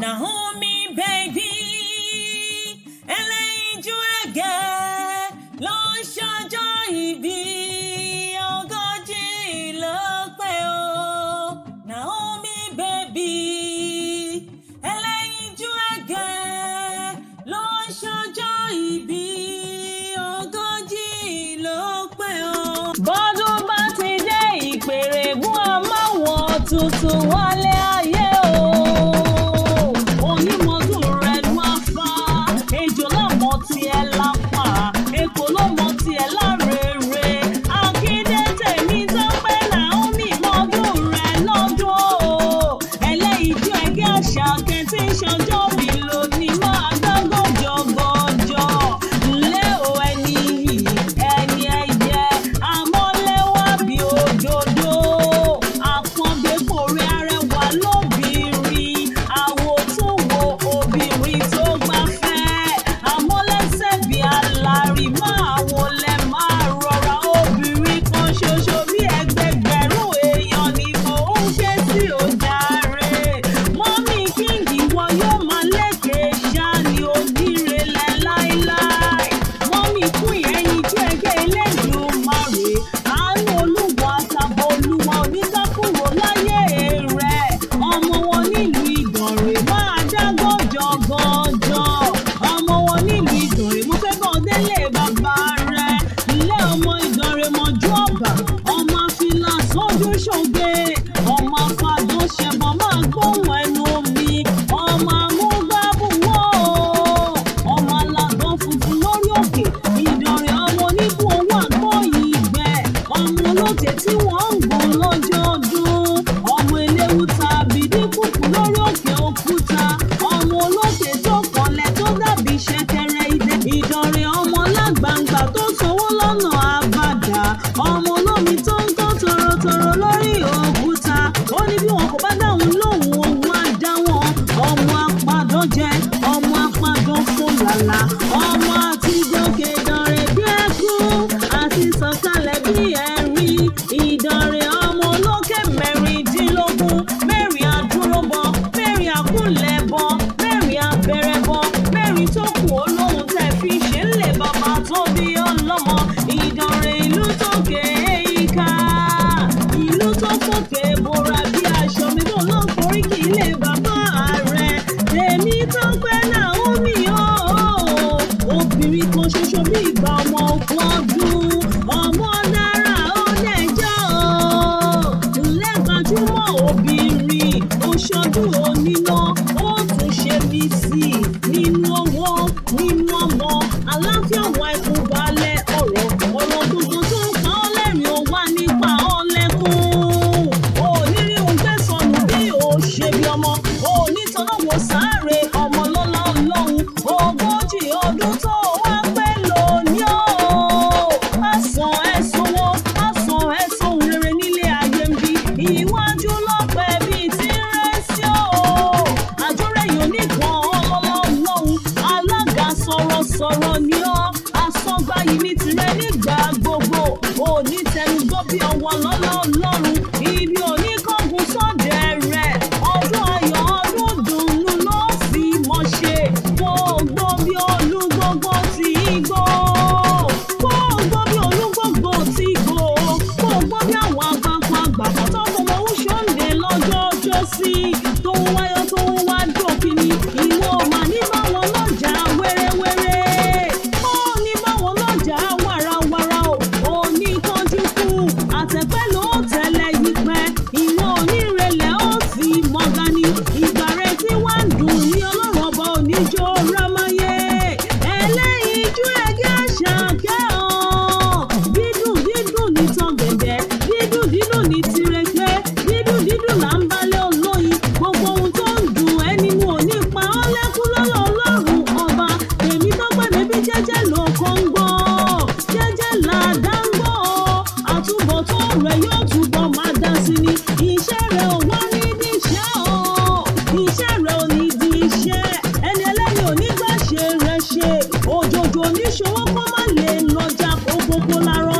Naomi baby ẹlẹ́yinjú ẹ̀gẹ́ ló ń ṣọjọ́ ìbí ogójì ló o Naomi baby ẹlẹ́yinjú ẹ̀gẹ́ ló ń ṣọjọ́ ìbí ogójì ló pé o. bọ́dún bá ti dé ìpèrè gún ọmọ wọn tuntun wọlé. wọ́n ń gbọ́n lọ́jọ́. sọ̀rọ̀ ni ọ́ asọ́gbáyé ní tirẹ̀ nígbà gbogbo òní tẹnu oníṣòwò kó má lè nájà kó gbogbo la rọ.